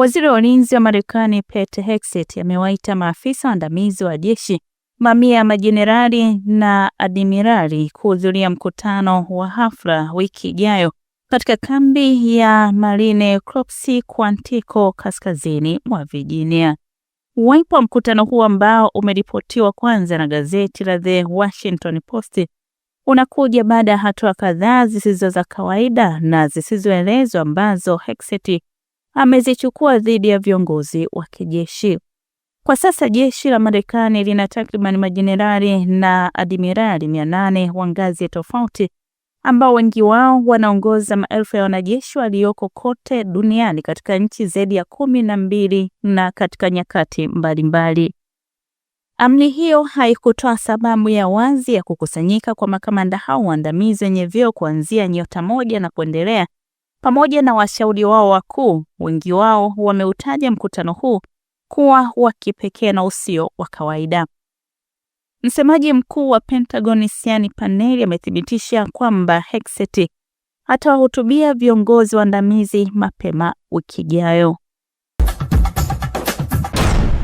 Waziri wa ulinzi wa Marekani Pete Hegseth amewaita maafisa waandamizi wa jeshi, mamia ya majenerali na admirali kuhudhuria mkutano wa hafla wiki ijayo katika kambi ya Marine Corps Quantico kaskazini mwa Virginia. Uwepo wa mkutano huo ambao umeripotiwa kwanza na gazeti la The Washington Post unakuja baada ya hatua kadhaa zisizo za kawaida na zisizoelezwa ambazo Hegseth amezichukua dhidi ya viongozi wa kijeshi. Kwa sasa jeshi la Marekani lina takriban majenerali na admirali mia nane wa ngazi tofauti ambao wengi wao wanaongoza maelfu ya wanajeshi walioko kote duniani katika nchi zaidi ya kumi na mbili na katika nyakati mbalimbali. Amri hiyo haikutoa sababu ya wazi ya kukusanyika kwa makamanda hao waandamizi wenye vyeo kuanzia nyota moja na kuendelea, pamoja na washauri wao wakuu, wengi wao wameutaja mkutano huu kuwa wa kipekee na usio wa kawaida. Msemaji mkuu wa Pentagon Siani Paneri amethibitisha kwamba Hegseth atawahutubia viongozi waandamizi mapema wiki ijayo.